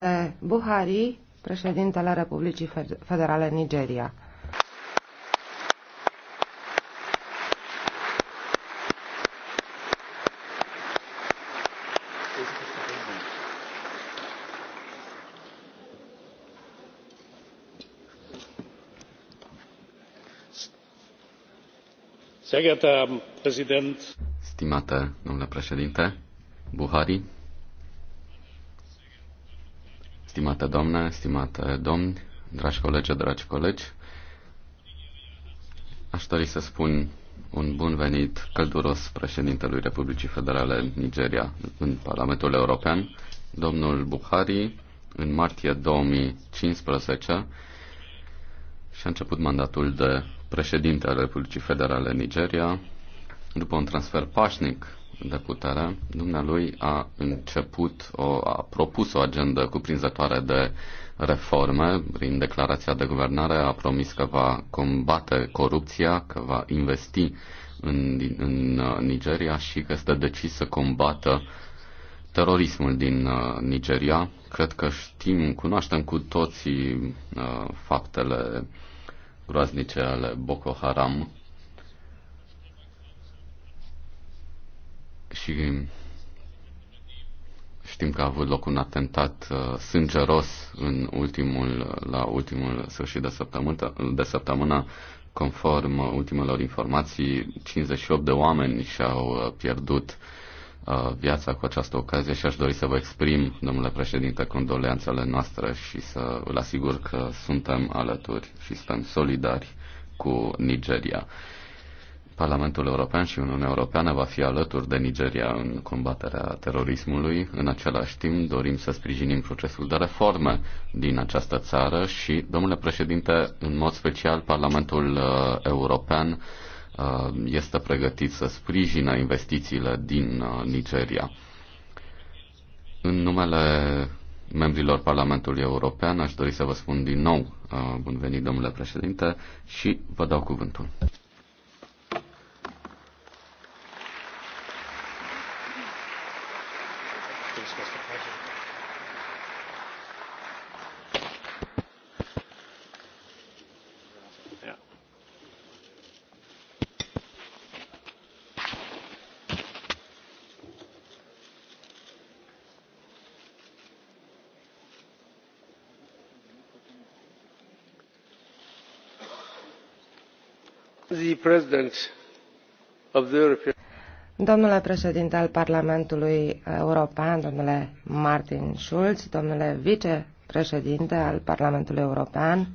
Eh, Buhari, președintele Republicii Federale Nigeria. Stimată domnule președinte Buhari, Stimată doamnă, stimată domn, dragi colegi, dragi colegi, aș dori să spun un bun venit călduros președintelui Republicii Federale Nigeria în Parlamentul European, domnul Buhari, în martie 2015 și-a început mandatul de președinte al Republicii Federale Nigeria după un transfer pașnic de putere, dumnealui a început, o, a propus o agendă cuprinzătoare de reforme. Prin declarația de guvernare a promis că va combate corupția, că va investi în, în uh, Nigeria și că este decis să combată terorismul din uh, Nigeria. Cred că știm, cunoaștem cu toții uh, faptele groaznice ale Boko Haram și știm că a avut loc un atentat uh, sângeros în ultimul, uh, la ultimul sfârșit de săptămână, de săptămână conform uh, ultimelor informații, 58 de oameni și-au uh, pierdut uh, viața cu această ocazie și aș dori să vă exprim, domnule președinte, condoleanțele noastre și să îl asigur că suntem alături și suntem solidari cu Nigeria. Parlamentul European și Uniunea Europeană va fi alături de Nigeria în combaterea terorismului. În același timp, dorim să sprijinim procesul de reforme din această țară și, domnule președinte, în mod special Parlamentul uh, European uh, este pregătit să sprijine investițiile din uh, Nigeria. În numele membrilor Parlamentului European aș dori să vă spun din nou bun venit, domnule președinte, și vă dau cuvântul. Domnule președinte al Parlamentului European, domnule Martin Schulz, domnule vicepreședinte al Parlamentului European,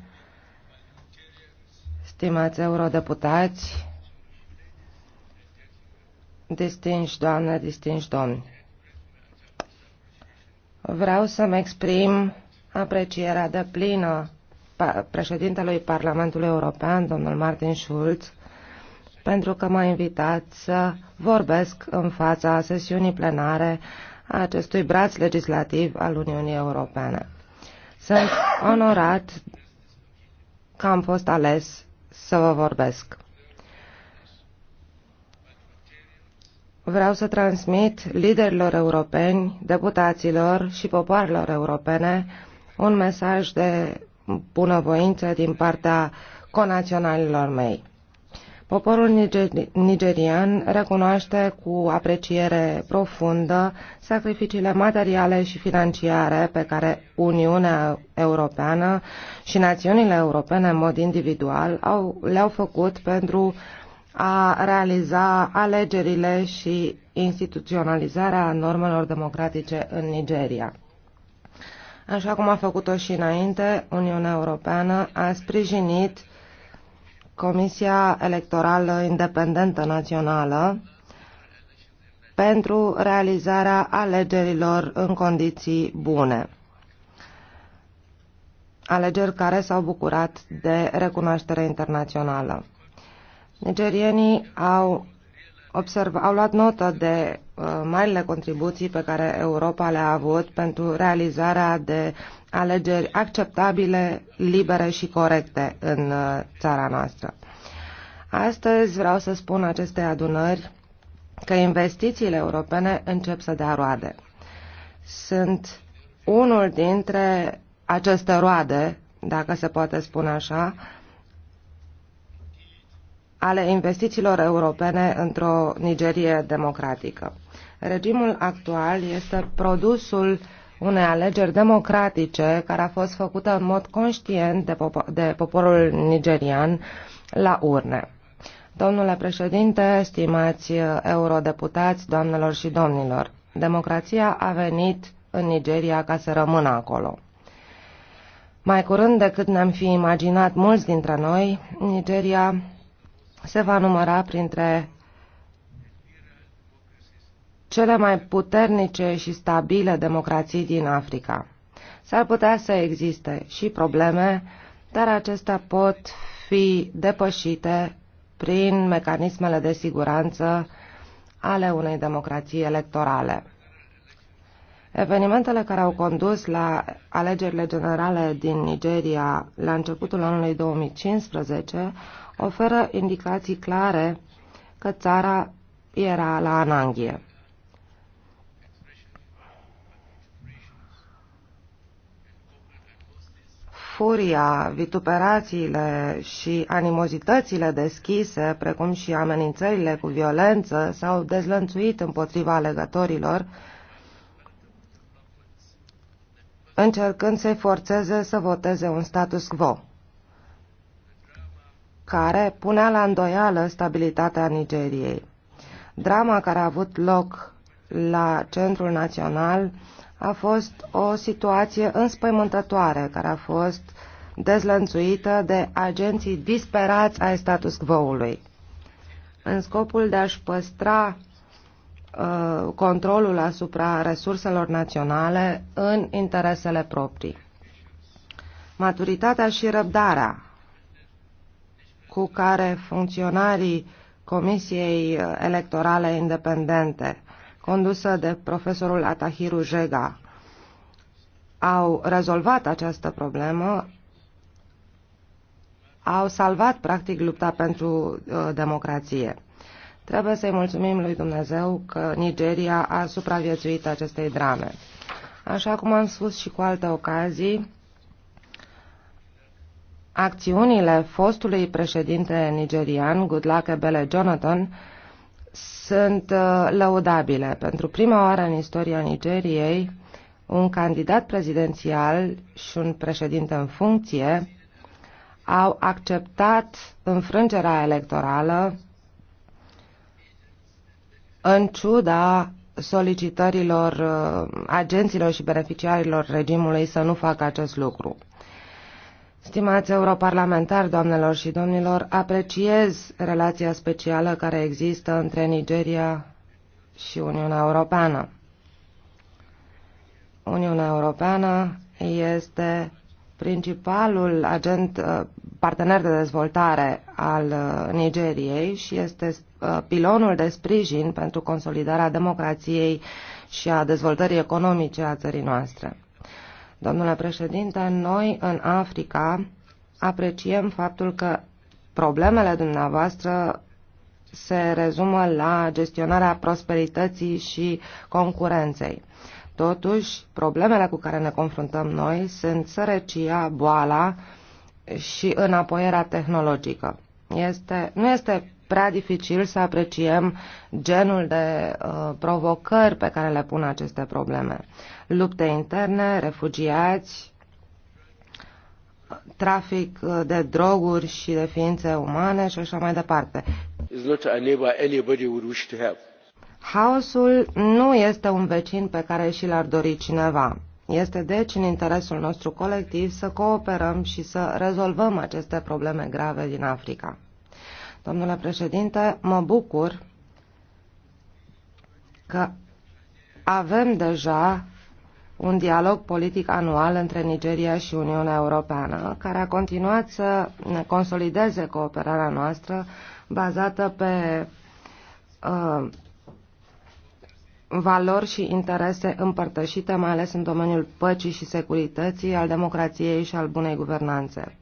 stimați eurodeputați, distinși doamne, distinși domni, vreau să-mi exprim aprecierea de plină președintelui Parlamentului European, domnul Martin Schulz, pentru că m-a invitat să vorbesc în fața sesiunii plenare a acestui braț legislativ al Uniunii Europene. Sunt onorat că am fost ales să vă vorbesc. Vreau să transmit liderilor europeni, deputaților și popoarelor europene un mesaj de bunăvoință din partea conaționalilor mei. Poporul nigerian recunoaște cu apreciere profundă sacrificiile materiale și financiare pe care Uniunea Europeană și națiunile europene în mod individual au, le-au făcut pentru a realiza alegerile și instituționalizarea normelor democratice în Nigeria. Așa cum a făcut-o și înainte, Uniunea Europeană a sprijinit uh, Comisia Electorală Independentă Națională pentru realizarea alegerilor în condiții bune. Alegeri care s-au bucurat de recunoaștere internațională. Nigerienii au, observ, au luat notă de uh, marile contribuții pe care Europa le-a avut pentru realizarea de alegeri acceptabile, libere și corecte în uh, țara noastră. Astăzi vreau să spun aceste adunări că investițiile europene încep să dea roade. Sunt unul dintre aceste roade, dacă se poate spune așa, ale investițiilor europene într-o Nigerie democratică. Regimul actual este produsul uh, unei alegeri democratice care a fost făcută în mod conștient de, popo- de poporul nigerian la urne. Domnule președinte, stimați eurodeputați, doamnelor și domnilor, democrația a venit în Nigeria ca să rămână acolo. Mai curând decât ne-am fi imaginat mulți dintre noi, Nigeria se va număra printre cele mai puternice și stabile democrații din Africa. S-ar putea să existe și probleme, dar acestea pot fi depășite prin mecanismele de siguranță ale unei democrații electorale. Evenimentele care au condus la alegerile generale din Nigeria la începutul anului 2015 oferă indicații clare că țara era la ananghie. furia, vituperațiile și animozitățile deschise, precum și amenințările cu violență, s-au dezlănțuit împotriva alegătorilor, încercând să-i forțeze să voteze un status quo, care punea la îndoială stabilitatea Nigeriei. Drama care a avut loc la Centrul Național a fost o situație înspăimântătoare care a fost dezlănțuită de agenții disperați ai status quo-ului. În scopul de a-și păstra uh, controlul asupra resurselor naționale în interesele proprii. Maturitatea și răbdarea cu care funcționarii Comisiei Electorale Independente condusă de profesorul Atahiru Jega au rezolvat această problemă, au salvat practic lupta pentru uh, democrație. Trebuie să-i mulțumim lui Dumnezeu că Nigeria a supraviețuit acestei drame. Așa cum am spus și cu alte ocazii, acțiunile fostului președinte nigerian, Goodluck Ebele Jonathan, sunt uh, lăudabile. Pentru prima oară în istoria Nigeriei, un candidat prezidențial și un președinte în funcție au acceptat înfrângerea electorală în ciuda solicitărilor uh, agenților și beneficiarilor regimului să nu facă acest lucru. Stimați europarlamentari, doamnelor și domnilor, apreciez relația specială care există între Nigeria și Uniunea Europeană. Uniunea Europeană este principalul agent uh, partener de dezvoltare al uh, Nigeriei și este uh, pilonul de sprijin pentru consolidarea democrației și a dezvoltării economice a țării noastre. Domnule președinte, noi în Africa apreciem faptul că problemele dumneavoastră se rezumă la gestionarea prosperității și concurenței. Totuși, problemele cu care ne confruntăm noi sunt sărăcia, boala și înapoierea tehnologică. Este, nu este prea dificil să apreciem genul de uh, provocări pe care le pun aceste probleme. Lupte interne, refugiați, trafic uh, de droguri și de ființe umane și așa mai departe. Haosul nu este un vecin pe care și l-ar dori cineva. Este deci în interesul nostru colectiv să cooperăm și să rezolvăm aceste probleme grave din Africa. Domnule președinte, mă bucur că avem deja un dialog politic anual între Nigeria și Uniunea Europeană, care a continuat să consolideze cooperarea noastră bazată pe uh, valori și interese împărtășite, mai ales în domeniul păcii și securității, al democrației și al bunei guvernanțe.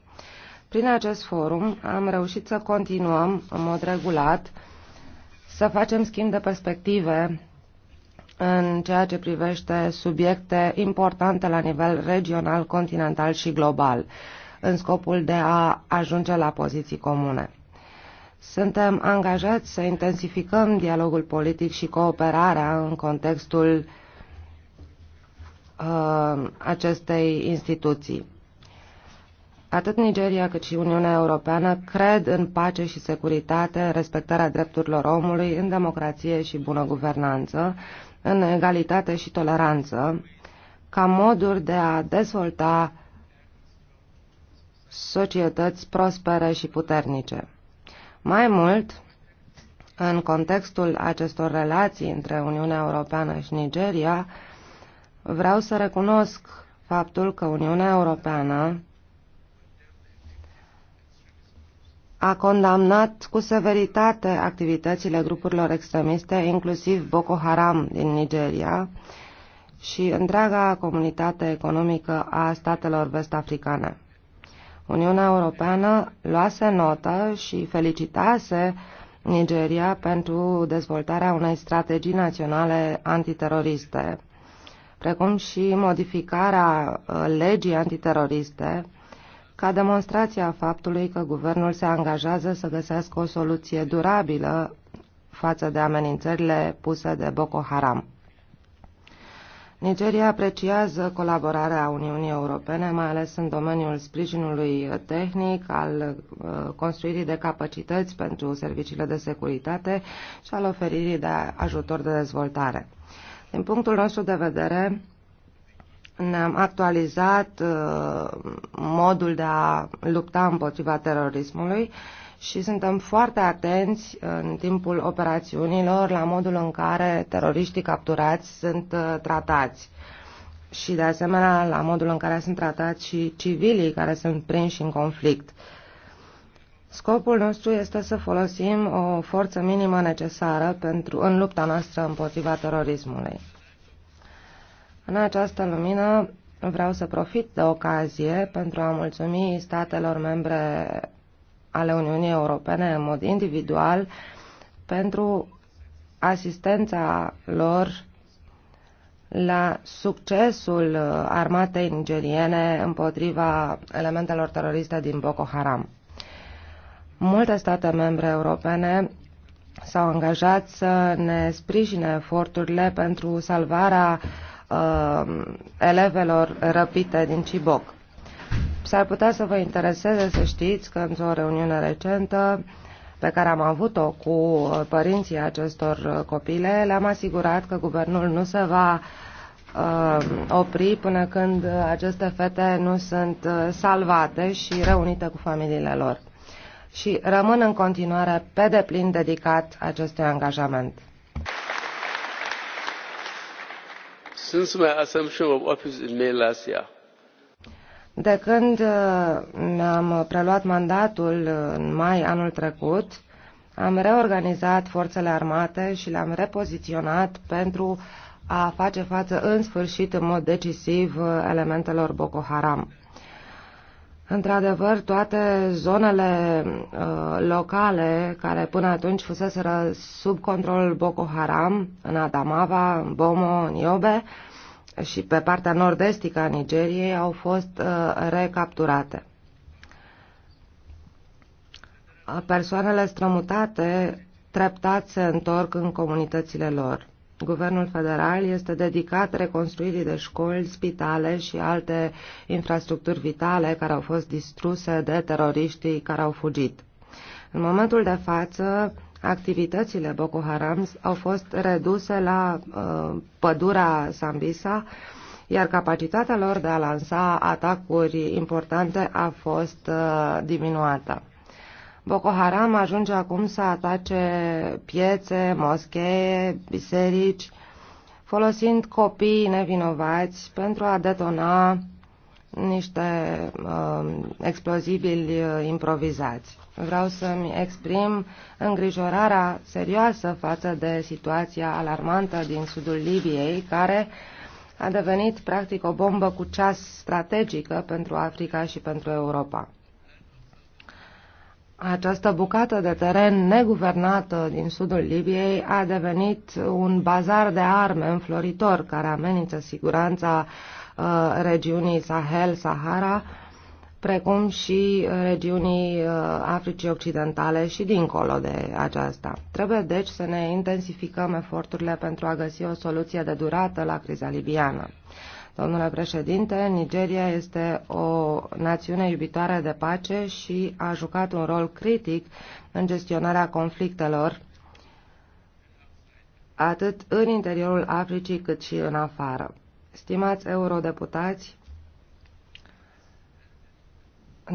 Prin acest forum am reușit să continuăm în mod regulat să facem schimb de perspective în ceea ce privește subiecte importante la nivel regional, continental și global, în scopul de a ajunge la poziții comune. Suntem angajați să intensificăm dialogul politic și cooperarea în contextul uh, acestei instituții. Atât Nigeria cât și Uniunea Europeană cred în pace și securitate, respectarea drepturilor omului, în democrație și bună guvernanță, în egalitate și toleranță, ca moduri de a dezvolta societăți prospere și puternice. Mai mult, în contextul acestor relații între Uniunea Europeană și Nigeria, vreau să recunosc faptul că Uniunea Europeană a condamnat cu severitate activitățile grupurilor extremiste, inclusiv Boko Haram din Nigeria și întreaga comunitate economică a statelor vest-africane. Uniunea Europeană luase notă și felicitase Nigeria pentru dezvoltarea unei strategii naționale antiteroriste, precum și modificarea uh, legii antiteroriste, ca demonstrație a faptului că guvernul se angajează să găsească o soluție durabilă față de amenințările puse de Boko Haram. Nigeria apreciază colaborarea Uniunii Europene, mai ales în domeniul sprijinului tehnic, al uh, construirii de capacități pentru serviciile de securitate și al oferirii de ajutor de dezvoltare. Din punctul nostru de vedere, ne-am actualizat uh, modul de a lupta împotriva terorismului și suntem foarte atenți uh, în timpul operațiunilor la modul în care teroriștii capturați sunt uh, tratați și de asemenea la modul în care sunt tratați și civilii care sunt prinși în conflict. Scopul nostru este să folosim o forță minimă necesară pentru, în lupta noastră împotriva terorismului. În această lumină vreau să profit de ocazie pentru a mulțumi statelor membre ale Uniunii Europene în mod individual pentru asistența lor la succesul armatei nigeriene împotriva elementelor teroriste din Boko Haram. Multe state membre europene s-au angajat să ne sprijine eforturile pentru salvarea uh, uh, elevelor răpite din Ciboc. S-ar putea să vă intereseze să știți că într-o reuniune recentă pe care am avut-o cu uh, părinții acestor uh, copile, le-am asigurat că guvernul nu se va uh, opri până când uh, aceste fete nu sunt salvate și reunite cu familiile lor. Și rămân în continuare pe deplin dedicat acestui angajament. since my assumption of office in May last year. De când mi-am uh, preluat mandatul uh, în mai anul trecut, am reorganizat forțele armate și le-am repoziționat pentru a face față în sfârșit în mod decisiv uh, elementelor Boko Haram. Într-adevăr, toate zonele uh, locale care până atunci fuseseră sub controlul Boko Haram, în Adamava, în Bomo, în Iobe și pe partea nord-estică a Nigeriei au fost uh, recapturate. Persoanele strămutate treptat se întorc în comunitățile lor. Guvernul federal este dedicat reconstruirii de școli, spitale și alte infrastructuri vitale care au fost distruse de teroriștii care au fugit. În momentul de față, activitățile Boko Haram au fost reduse la uh, pădurea Sambisa, iar capacitatea lor de a lansa atacuri importante a fost uh, diminuată. Boko Haram ajunge acum să atace piețe, moschee, biserici, folosind copii nevinovați pentru a detona niște uh, explozibili uh, improvizați. Vreau să-mi exprim îngrijorarea serioasă față de situația alarmantă din sudul Libiei, care a devenit practic o bombă cu ceas strategică pentru Africa și pentru Europa. Această bucată de teren neguvernată din sudul Libiei a devenit un bazar de arme înfloritor care amenință siguranța uh, regiunii Sahel-Sahara, precum și regiunii uh, Africii Occidentale și dincolo de aceasta. Trebuie deci să ne intensificăm eforturile pentru a găsi o soluție de durată la criza libiană. Domnule președinte, Nigeria este o națiune iubitoare de pace și a jucat un rol critic în gestionarea conflictelor atât în interiorul Africii cât și în afară. Stimați eurodeputați,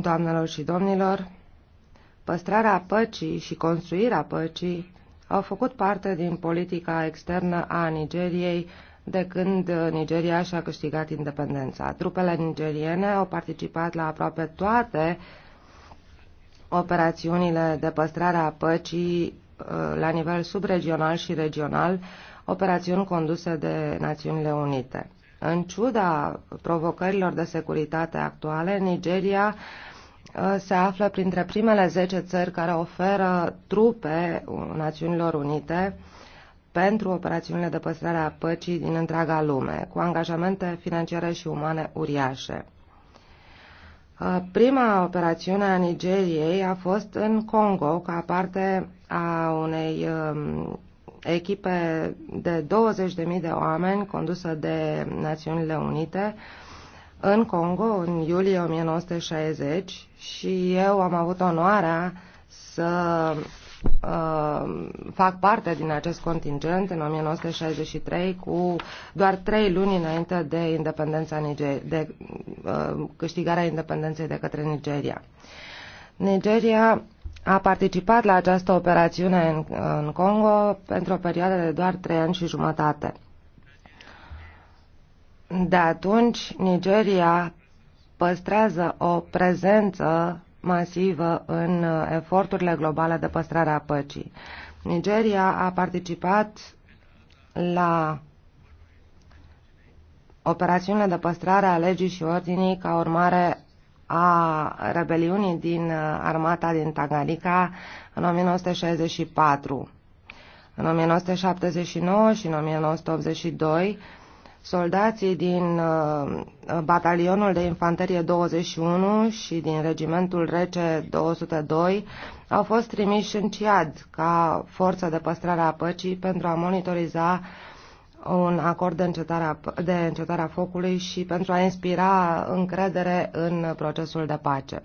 doamnelor și domnilor, păstrarea păcii și construirea păcii au făcut parte din politica externă a Nigeriei de când uh, Nigeria și-a câștigat independența. Trupele nigeriene au participat la aproape toate operațiunile de păstrare a păcii uh, la nivel subregional și regional, operațiuni conduse de Națiunile Unite. În ciuda provocărilor de securitate actuale, Nigeria uh, se află printre primele 10 țări care oferă trupe Națiunilor Unite pentru operațiunile de păstrare a păcii din întreaga lume, cu angajamente financiare și umane uriașe. Uh, prima operațiune a Nigeriei a fost în Congo, ca parte a unei um, echipe de 20.000 de oameni condusă de Națiunile Unite în Congo în iulie 1960 și eu am avut onoarea să Uh, fac parte din acest contingent în 1963 cu doar trei luni înainte de independența Niger- de uh, câștigarea independenței de către Nigeria. Nigeria a participat la această operațiune în, în Congo pentru o perioadă de doar trei ani și jumătate. De atunci, Nigeria păstrează o prezență masivă în uh, eforturile globale de păstrare a păcii. Nigeria a participat la operațiunile de păstrare a legii și ordinii ca urmare a rebeliunii din uh, armata din Tanganyika în 1964. În 1979 și în 1982 soldații din uh, batalionul de infanterie 21 și din regimentul rece 202 au fost trimiși în Ciad ca forță de păstrare a păcii pentru a monitoriza un acord de încetare, a, de încetare a focului și pentru a inspira încredere în procesul de pace.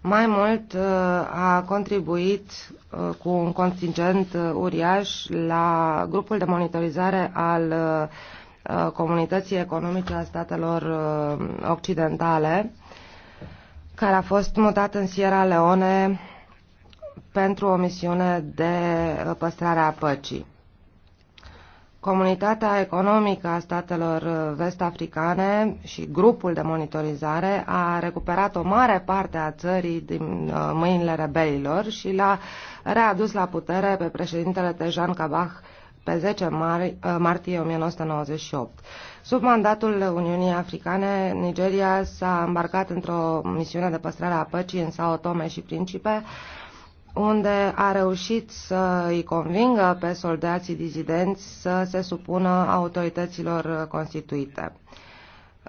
Mai mult, uh, a contribuit uh, cu un contingent uriaș la grupul de monitorizare al Uh, comunității economice a statelor uh, occidentale, care a fost mutat în Sierra Leone pentru o misiune de păstrare a păcii. Comunitatea economică a statelor uh, vest-africane și grupul de monitorizare a recuperat o mare parte a țării din mâinile rebelilor și l-a readus la putere pe președintele Tejan Kabah pe 10 mar uh, martie 1998. Sub mandatul Uniunii Africane, Nigeria s-a îmbarcat într-o misiune de păstrare a păcii în Sao Tome și Principe, unde a reușit să îi convingă pe soldații dizidenți să se supună autorităților constituite.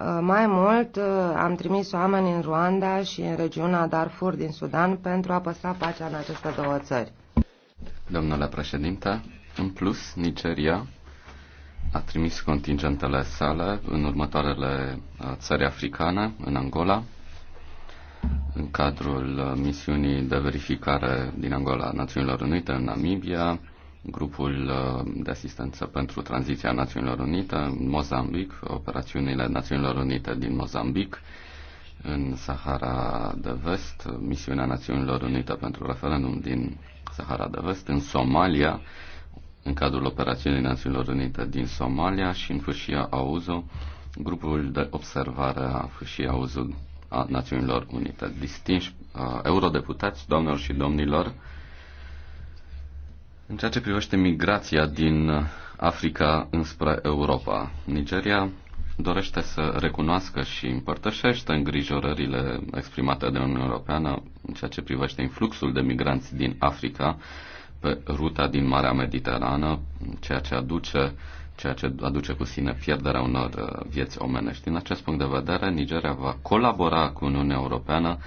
Uh, mai mult, uh, am trimis oameni în Ruanda și în regiunea Darfur din Sudan pentru a păstra pacea în aceste două țări. Domnule președinte, în plus, Nigeria a trimis contingentele sale în următoarele uh, țări africane, în Angola, în cadrul uh, misiunii de verificare din Angola a Națiunilor Unite, în Namibia, grupul uh, de asistență pentru tranziția Națiunilor Unite, în Mozambic, operațiunile Națiunilor Unite din Mozambic, în Sahara de Vest, misiunea Națiunilor Unite pentru referendum din Sahara de Vest, în Somalia, în cadrul operațiunii Națiunilor Unite din Somalia și în fâșia AUZO, grupul de observare a fâșiei AUZO a Națiunilor Unite. Distinși uh, eurodeputați, doamnelor și domnilor, în ceea ce privește migrația din Africa înspre Europa, Nigeria dorește să recunoască și împărtășește îngrijorările exprimate de Uniunea Europeană în ceea ce privește influxul de migranți din Africa, pe ruta din Marea Mediterană, ceea ce aduce ceea ce aduce cu sine pierderea unor uh, vieți omenești. Din acest punct de vedere, Nigeria va colabora cu Uniunea Europeană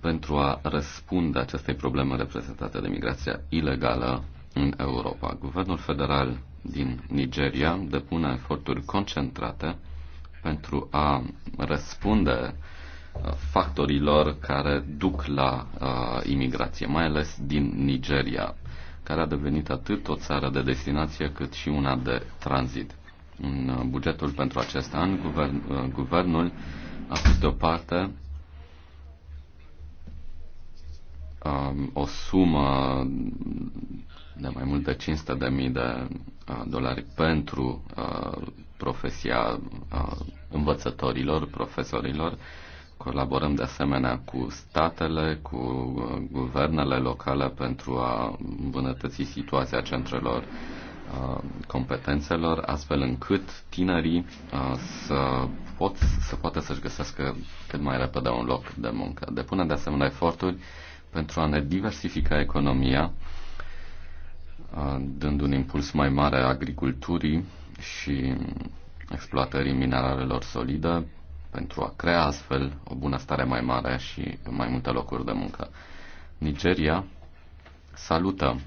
pentru a răspunde acestei probleme reprezentate de migrația ilegală în Europa. Guvernul federal din Nigeria depune eforturi concentrate pentru a răspunde uh, factorilor care duc la uh, imigrație, mai ales din Nigeria care a devenit atât o țară de destinație cât și una de tranzit. În uh, bugetul pentru acest an, guvern, uh, guvernul a pus deoparte um, o sumă de mai mult de 500.000 de, de uh, dolari pentru profesia învățătorilor, profesorilor, Colaborăm de asemenea cu statele, cu uh, guvernele locale pentru a îmbunătăți situația centrelor uh, competențelor, astfel încât tinerii uh, să, pot, să poată să-și găsească cât mai repede un loc de muncă. Depunem de asemenea eforturi pentru a ne diversifica economia, dând un impuls mai mare agriculturii și exploatării mineralelor solide, pentru a crea astfel o bunăstare mai mare și mai multe locuri de muncă. Nigeria salută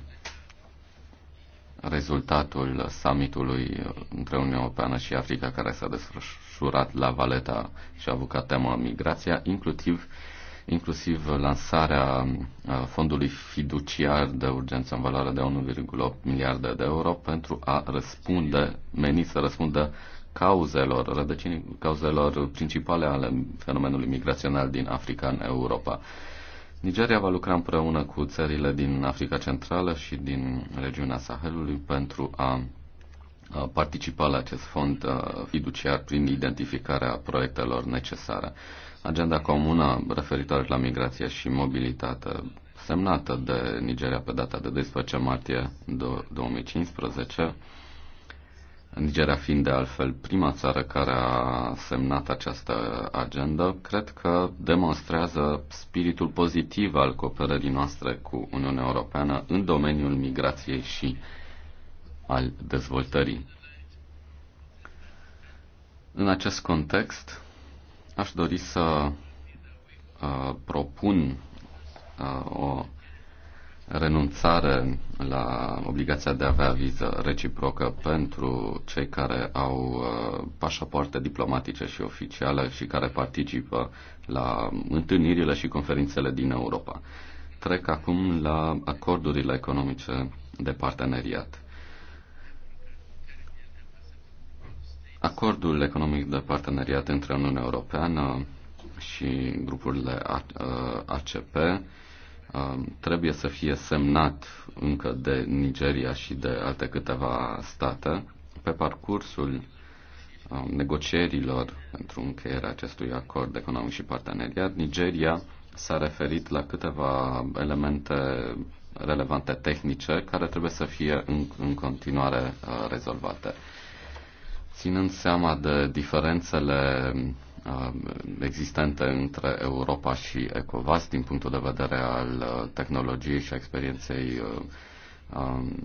rezultatul summitului între Uniunea Europeană și Africa care s-a desfășurat la Valeta și a avut ca temă migrația, inclusiv, inclusiv lansarea uh, fondului fiduciar de urgență în valoare de 1,8 miliarde de euro pentru a răspunde, meni să răspundă cauzelor, rădăcinii cauzelor principale ale fenomenului migrațional din Africa în Europa. Nigeria va lucra împreună cu țările din Africa Centrală și din regiunea Sahelului pentru a participa la acest fond fiduciar prin identificarea proiectelor necesare. Agenda comună referitoare la migrație și mobilitate semnată de Nigeria pe data de 12 martie 2015 Nigeria fiind de altfel prima țară care a semnat această agendă, cred că demonstrează spiritul pozitiv al cooperării noastre cu Uniunea Europeană în domeniul migrației și al dezvoltării. În acest context, aș dori să uh, propun uh, o renunțare la obligația de a avea viză reciprocă pentru cei care au uh, pașapoarte diplomatice și oficiale și care participă la întâlnirile și conferințele din Europa. Trec acum la acordurile economice de parteneriat. Acordul economic de parteneriat între Uniunea Europeană și grupurile ACP uh, Um, trebuie să fie semnat încă de Nigeria și de alte câteva state. Pe parcursul um, negocierilor pentru încheierea acestui acord economic și parteneriat, Nigeria s-a referit la câteva elemente relevante tehnice care trebuie să fie în, în continuare uh, rezolvate. Ținând seama de diferențele Um, existente între Europa și ECOVAS din punctul de vedere al uh, tehnologiei și experienței uh, um,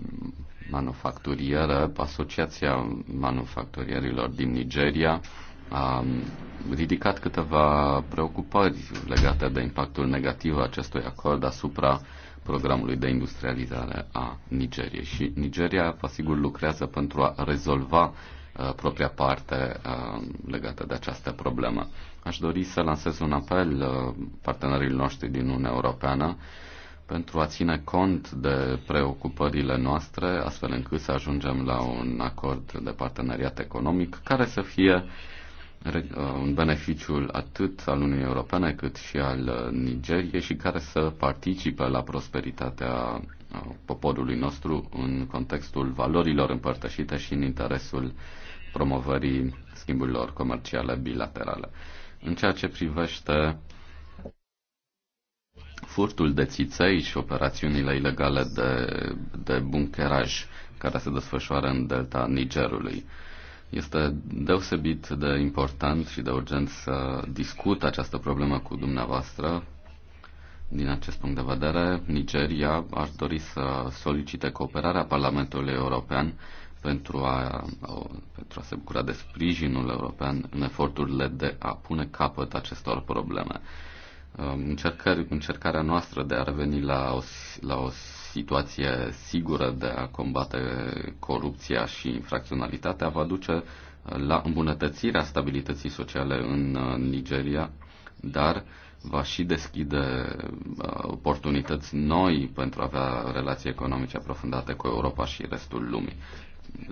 manufacturieră. Asociația manufacturierilor din Nigeria a um, ridicat câteva preocupări legate de impactul negativ acestui acord asupra programului de industrializare a Nigeriei. Și Nigeria, vă sigur, lucrează pentru a rezolva Uh, propria parte uh, legată de această problemă. Aș dori să lansez un apel uh, partenerilor noștri din Uniunea Europeană pentru a ține cont de preocupările noastre, astfel încât să ajungem la un acord de parteneriat economic care să fie un beneficiul atât al Uniunii Europene cât și al Nigeriei și care să participe la prosperitatea poporului nostru în contextul valorilor împărtășite și în interesul uh, promovării schimburilor comerciale bilaterale. În ceea ce privește furtul de țiței și operațiunile ilegale de, de bunkeraj care se desfășoară în delta Nigerului. Este deosebit de important și de urgent să discut această problemă cu dumneavoastră. Din acest punct de vedere, Nigeria ar dori să solicite cooperarea Parlamentului European pentru a, pentru a se bucura de sprijinul european în eforturile de a pune capăt acestor probleme. Um, încercări, încercarea noastră de a reveni la o, la o situație sigură de a combate corupția și infracționalitatea va duce uh, la îmbunătățirea stabilității sociale în uh, Nigeria, dar va și deschide uh, oportunități noi pentru a avea relații economice aprofundate cu Europa și restul lumii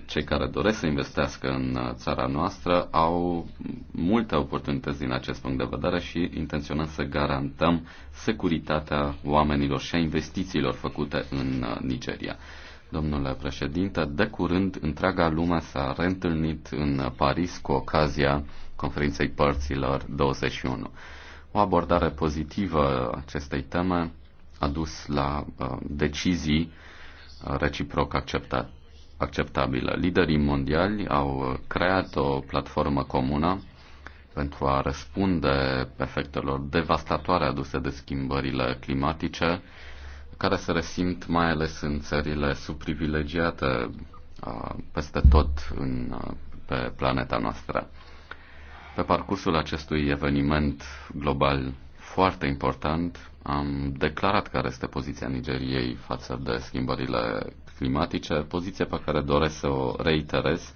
cei care doresc să investească în uh, țara noastră au multe oportunități din acest punct de vedere și intenționăm să garantăm securitatea oamenilor și a investițiilor făcute în uh, Nigeria. Domnule președinte, de curând întreaga lume s-a reîntâlnit în Paris cu ocazia conferinței părților 21. O abordare pozitivă acestei teme a dus la uh, decizii reciproc acceptate acceptabilă. Liderii mondiali au uh, creat o platformă comună pentru a răspunde efectelor devastatoare aduse de schimbările climatice, care se resimt mai ales în țările subprivilegiate uh, peste tot în, uh, pe planeta noastră. Pe parcursul acestui eveniment global foarte important, am declarat care este poziția Nigeriei față de schimbările climatice, poziție pe care doresc să o reiterez,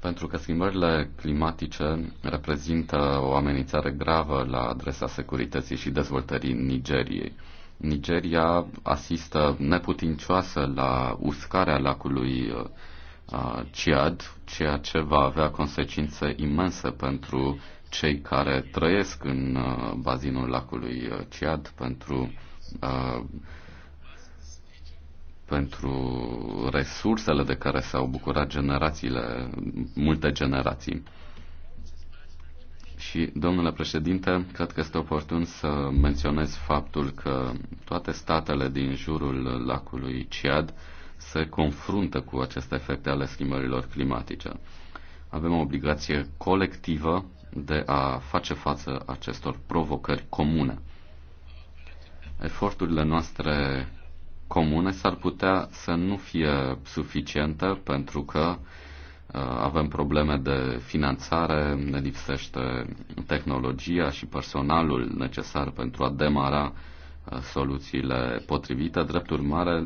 pentru că schimbările climatice reprezintă o amenințare gravă la adresa securității și dezvoltării Nigeriei. Nigeria asistă neputincioasă la uscarea lacului uh, Ciad, ceea ce va avea consecințe imense pentru cei care trăiesc în uh, bazinul lacului uh, Ciad, pentru pentru resursele de care s-au bucurat generațiile, multe generații. Și, domnule președinte, cred că este oportun să menționez faptul că toate statele din jurul lacului Ciad se confruntă cu aceste efecte ale schimbărilor climatice. Avem o obligație colectivă de a face față acestor provocări comune. Eforturile noastre comune s-ar putea să nu fie suficientă pentru că uh, avem probleme de finanțare, ne lipsește tehnologia și personalul necesar pentru a demara uh, soluțiile potrivite. Drept urmare,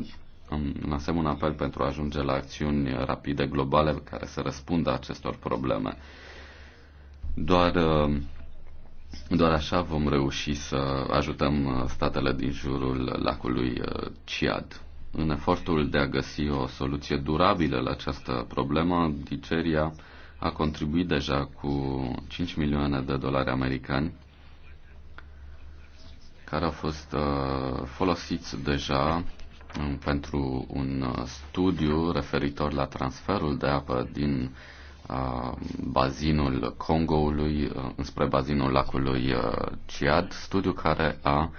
lansăm un apel pentru a ajunge la acțiuni rapide globale care să răspundă acestor probleme. Doar uh, doar așa vom reuși să ajutăm uh, statele din jurul lacului uh, Ciad. În efortul de a găsi o soluție durabilă la această problemă, Nigeria a contribuit deja cu 5 milioane de dolari americani care au fost uh, folosiți deja um, pentru un studiu referitor la transferul de apă din bazinul Congoului înspre bazinul lacului Ciad, studiu care a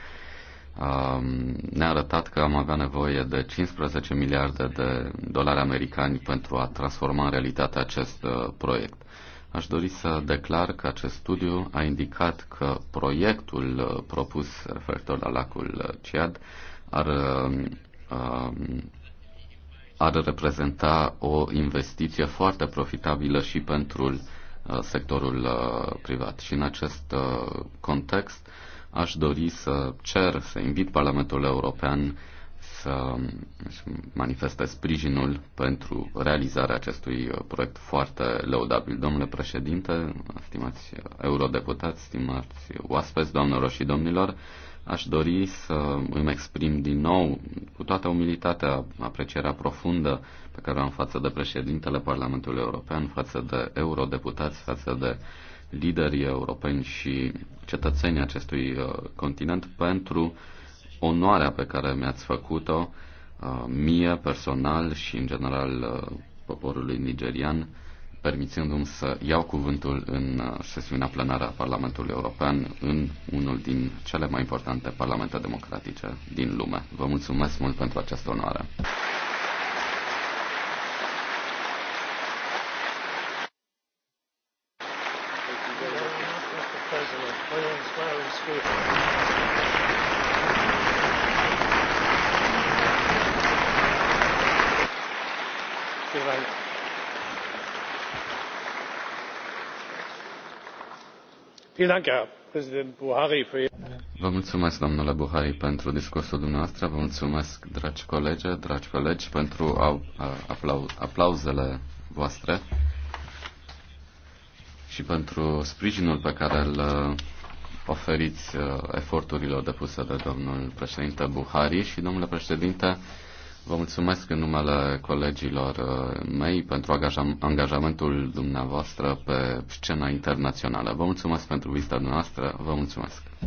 ne-a arătat că am avea nevoie de 15 miliarde de dolari americani pentru a transforma în realitate acest proiect. Aș dori să declar că acest studiu a indicat că proiectul propus referitor la lacul Ciad ar ar reprezenta o investiție foarte profitabilă și pentru uh, sectorul uh, privat. Și în acest uh, context aș dori să cer, să invit Parlamentul European să manifeste sprijinul pentru realizarea acestui proiect foarte lăudabil. Domnule președinte, stimați eurodeputați, stimați oaspeți, doamnelor și domnilor, aș dori să îmi exprim din nou, cu toată umilitatea, aprecierea profundă pe care o am față de președintele Parlamentului European, față de eurodeputați, față de liderii europeni și cetățenii acestui uh, continent pentru uh, onoarea pe care mi-ați făcut-o uh, mie personal și în general uh, poporului nigerian, permițându-mi să iau cuvântul în uh, sesiunea plenară a Parlamentului European în unul din cele mai importante parlamente democratice din lume. Vă mulțumesc mult pentru această onoare. Vă mulțumesc, domnule Buhari, pentru discursul dumneavoastră. Vă mulțumesc, dragi colegi, dragi colegi, pentru aplauzele voastre și pentru sprijinul pe care îl oferiți eforturilor depuse de domnul președinte Buhari și domnule președinte Vă mulțumesc în numele colegilor uh, mei pentru angajamentul dumneavoastră pe scena internațională. Vă mulțumesc pentru vizita noastră. Vă mulțumesc.